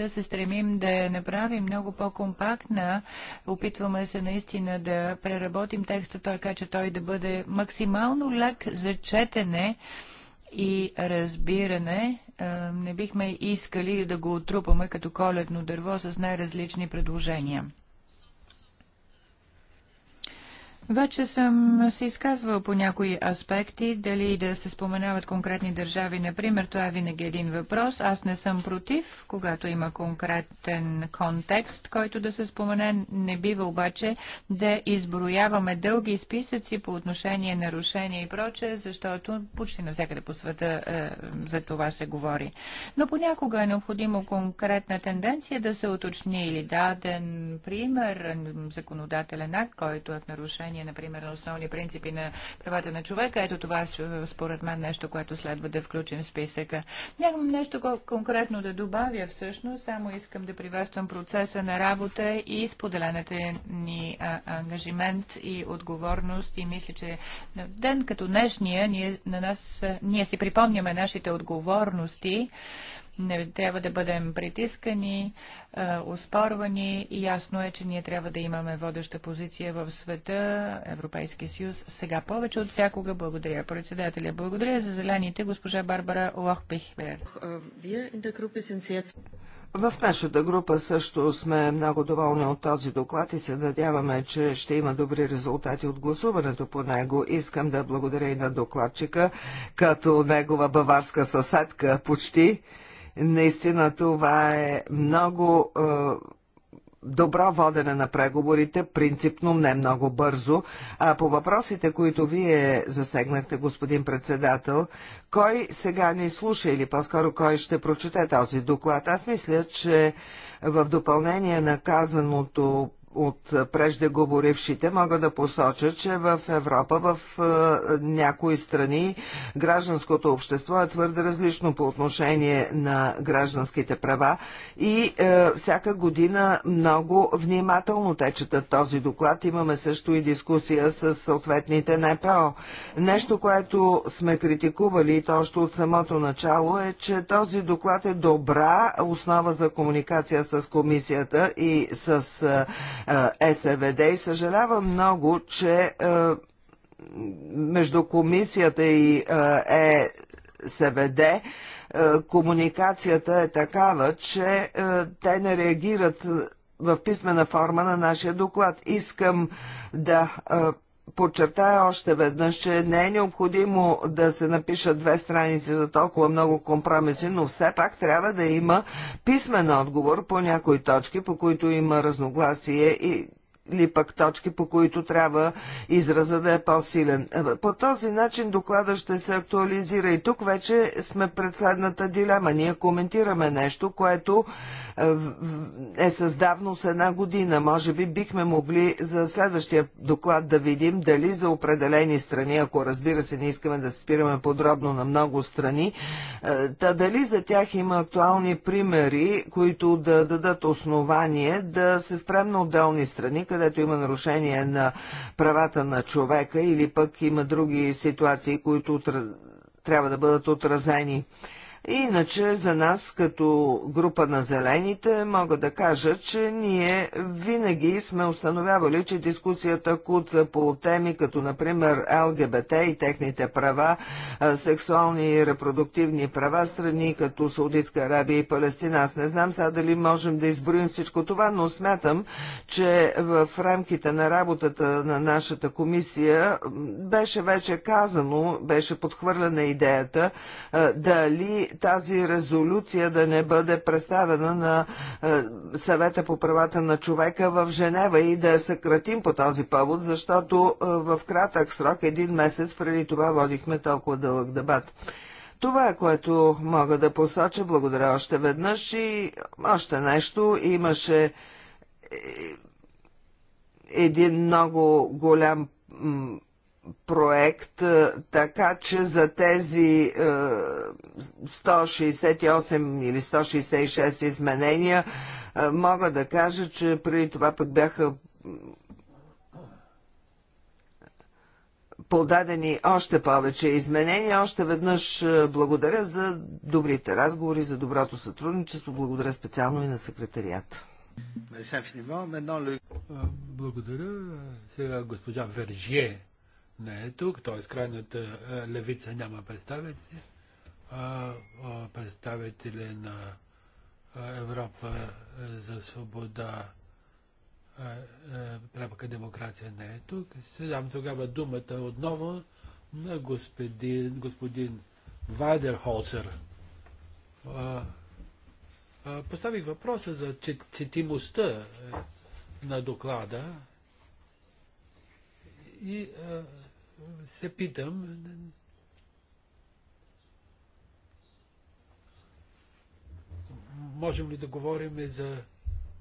Да се стремим да я направим много по-компактна. Опитваме се наистина да преработим текста така, че той да бъде максимално лек за четене и разбиране. Не бихме искали да го отрупаме като коледно дърво с най-различни предложения. Вече съм се изказвал по някои аспекти, дали да се споменават конкретни държави, например, това е винаги един въпрос. Аз не съм против, когато има конкретен контекст, който да се спомене. Не бива обаче да изброяваме дълги списъци по отношение нарушения и проче, защото почти навсякъде по света е, за това се говори. Но понякога е необходимо конкретна тенденция да се уточни или даден пример, законодателен акт, който е в нарушение отношение, например, на основни принципи на правата на човека. Ето това е според мен нещо, което следва да включим в списъка. Нямам нещо конкретно да добавя всъщност, само искам да приветствам процеса на работа и споделената ни а, ангажимент и отговорност и мисля, че на ден като днешния ние, на нас, ние си припомняме нашите отговорности не трябва да бъдем притискани, успорвани и ясно е, че ние трябва да имаме водеща позиция в света, Европейския съюз, сега повече от всякога. Благодаря, председателя. Благодаря за зелените, госпожа Барбара Лохпихбер. В нашата група също сме много доволни от този доклад и се надяваме, че ще има добри резултати от гласуването по него. Искам да благодаря и на докладчика, като негова баварска съседка почти. Наистина това е много е, добро водене на преговорите, принципно не много бързо. А по въпросите, които вие засегнахте, господин председател, кой сега ни слуша или по-скоро кой ще прочете този доклад? Аз мисля, че в допълнение на казаното от преждеговорившите, мога да посоча, че в Европа, в е, някои страни, гражданското общество е твърде различно по отношение на гражданските права и е, всяка година много внимателно течета този доклад. Имаме също и дискусия с съответните НПО. Нещо, което сме критикували и то още от самото начало е, че този доклад е добра основа за комуникация с комисията и с е, е, СВД и съжалявам много, че е, между комисията и ЕСВД е, комуникацията е такава, че те не реагират в писмена форма на нашия доклад. Искам да подчертая още веднъж, че не е необходимо да се напишат две страници за толкова много компромиси, но все пак трябва да има писмен отговор по някои точки, по които има разногласие и ли пък точки, по които трябва израза да е по-силен. По този начин доклада ще се актуализира и тук вече сме пред следната дилема. Ние коментираме нещо, което е, е създавно с една година. Може би бихме могли за следващия доклад да видим дали за определени страни, ако разбира се не искаме да се спираме подробно на много страни, да е, дали за тях има актуални примери, които да дадат основание да се спрем на отделни страни, където където има нарушение на правата на човека или пък има други ситуации, които трябва да бъдат отразени. Иначе за нас като група на зелените мога да кажа, че ние винаги сме установявали, че дискусията куца по теми като например ЛГБТ и техните права, сексуални и репродуктивни права, страни като Саудитска Арабия и Палестина. Аз не знам сега дали можем да изброим всичко това, но смятам, че в рамките на работата на нашата комисия беше вече казано, беше подхвърлена идеята дали тази резолюция да не бъде представена на е, съвета по правата на човека в Женева и да я съкратим по този повод, защото е, в кратък срок, един месец преди това водихме толкова дълъг дебат. Това е което мога да посоча. Благодаря още веднъж и още нещо. Имаше е, един много голям проект, е, така че за тези 168 е, или 166 изменения е, мога да кажа, че преди това пък бяха подадени още повече изменения. Още веднъж благодаря за добрите разговори, за доброто сътрудничество. Благодаря специално и на секретарията. Благодаря. Сега госпожа Вержие не е тук, т.е. крайната е, левица няма представители, а, представители на Европа е, за свобода, е, пряка демокрация не е тук. Седам тогава думата отново на господин, господин Вайдерхолсер. Поставих въпроса за четимостта на доклада и а, се питам можем ли да говорим за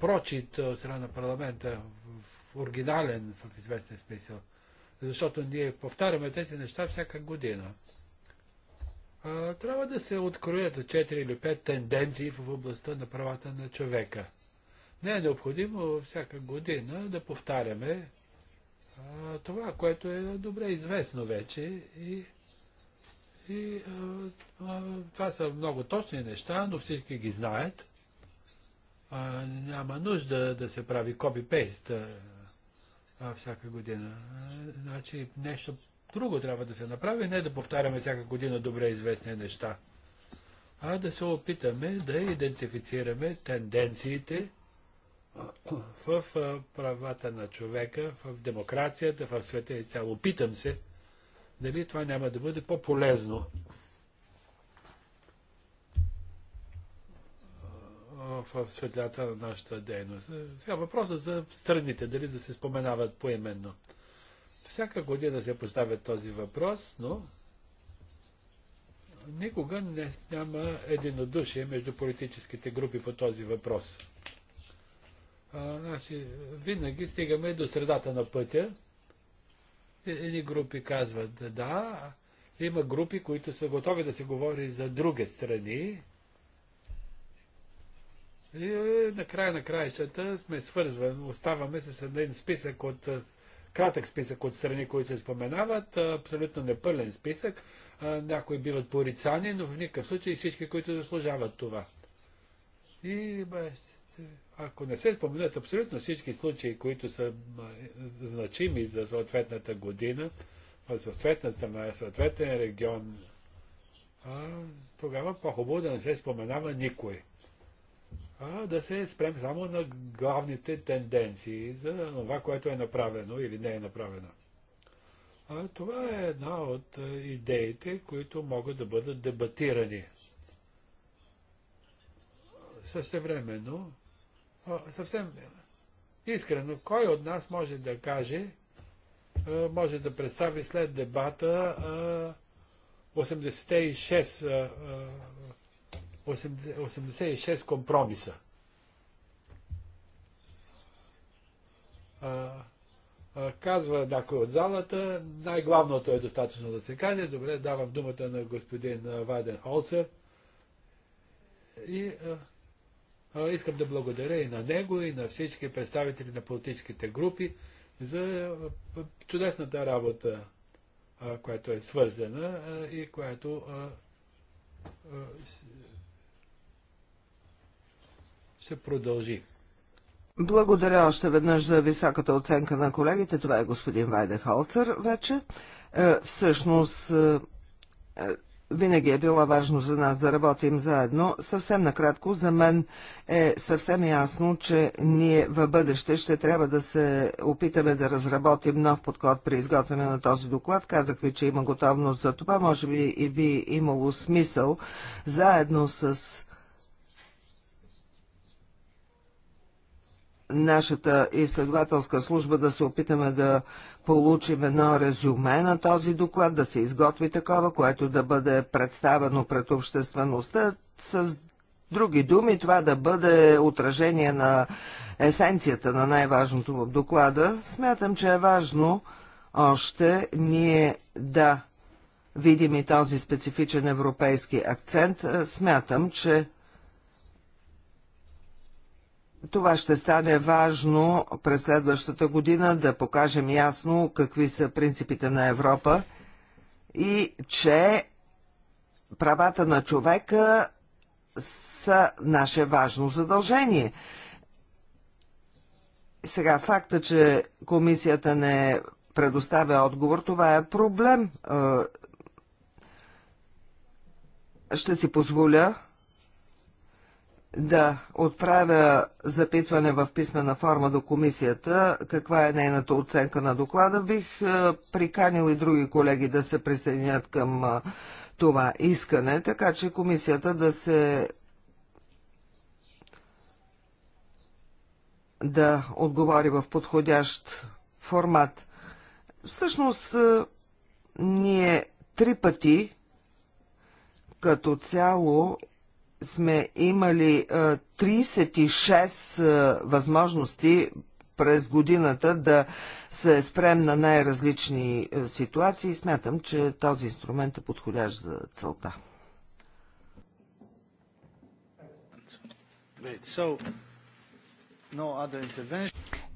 прочит от страна на парламента в оригинален в известен смисъл. Защото ние повтаряме тези неща всяка година. А, трябва да се откроят 4 или 5 тенденции в областта на правата на човека. Не е необходимо всяка година да повтаряме това, което е добре известно вече и, и а, това са много точни неща, но всички ги знаят. А, няма нужда да се прави копипейст всяка година. Значи нещо друго трябва да се направи, не да повтаряме всяка година добре известни неща, а да се опитаме да идентифицираме тенденциите, в правата на човека, в демокрацията, в света и цяло. Питам се, дали това няма да бъде по-полезно в светлята на нашата дейност. Сега въпросът за страните, дали да се споменават поименно. Всяка година се поставя този въпрос, но никога не няма единодушие между политическите групи по този въпрос. А, значи, винаги стигаме до средата на пътя. Е, Едни групи казват да, има групи, които са готови да се говори за други страни. И е, на края на краищата сме свързвани, оставаме с един списък от е, кратък списък от страни, които се споменават, абсолютно непълен списък. Някои биват порицани, но в никакъв случай всички, които заслужават това. И ако не се споменат абсолютно всички случаи, които са значими за съответната година, в съответна страна, в съответен регион, а, тогава по-хубаво да не се споменава никой. А да се спрем само на главните тенденции за това, което е направено или не е направено. А, това е една от идеите, които могат да бъдат дебатирани. Същевременно, съвсем искрено, кой от нас може да каже, може да представи след дебата 86, 86 компромиса. Казва някой от залата, най-главното е достатъчно да се каже. Добре, давам думата на господин Ваден Холцер. И Искам да благодаря и на него, и на всички представители на политическите групи за чудесната работа, която е свързана и която ще продължи. Благодаря още веднъж за високата оценка на колегите. Това е господин Вайде Холцер вече. Е, всъщност, е, е, винаги е било важно за нас да работим заедно. Съвсем накратко, за мен е съвсем ясно, че ние в бъдеще ще трябва да се опитаме да разработим нов подход при изготвяне на този доклад. Казах ви, че има готовност за това. Може би и би имало смисъл заедно с нашата изследователска служба да се опитаме да получим едно резюме на този доклад, да се изготви такова, което да бъде представено пред обществеността. С други думи, това да бъде отражение на есенцията на най-важното в доклада. Смятам, че е важно още ние да видим и този специфичен европейски акцент. Смятам, че това ще стане важно през следващата година да покажем ясно какви са принципите на Европа и че правата на човека са наше важно задължение. Сега факта, че комисията не предоставя отговор, това е проблем. Е, ще си позволя да отправя запитване в писмена форма до комисията, каква е нейната оценка на доклада, бих е, приканил и други колеги да се присъединят към е, това искане, така че комисията да се да отговори в подходящ формат. Всъщност, е, ние три пъти като цяло сме имали 36 възможности през годината да се спрем на най-различни ситуации и смятам, че този инструмент е подходящ за целта.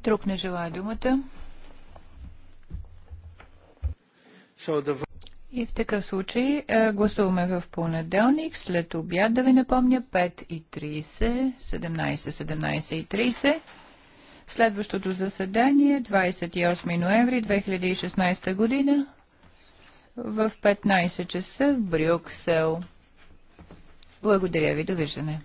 Друг не желая думата. И в такъв случай е, гласуваме в понеделник, след обяд, да ви напомня, 5.30, 17.17.30. Следващото заседание, 28 ноември 2016 година, в 15 часа в Брюксел. Благодаря ви, довиждане.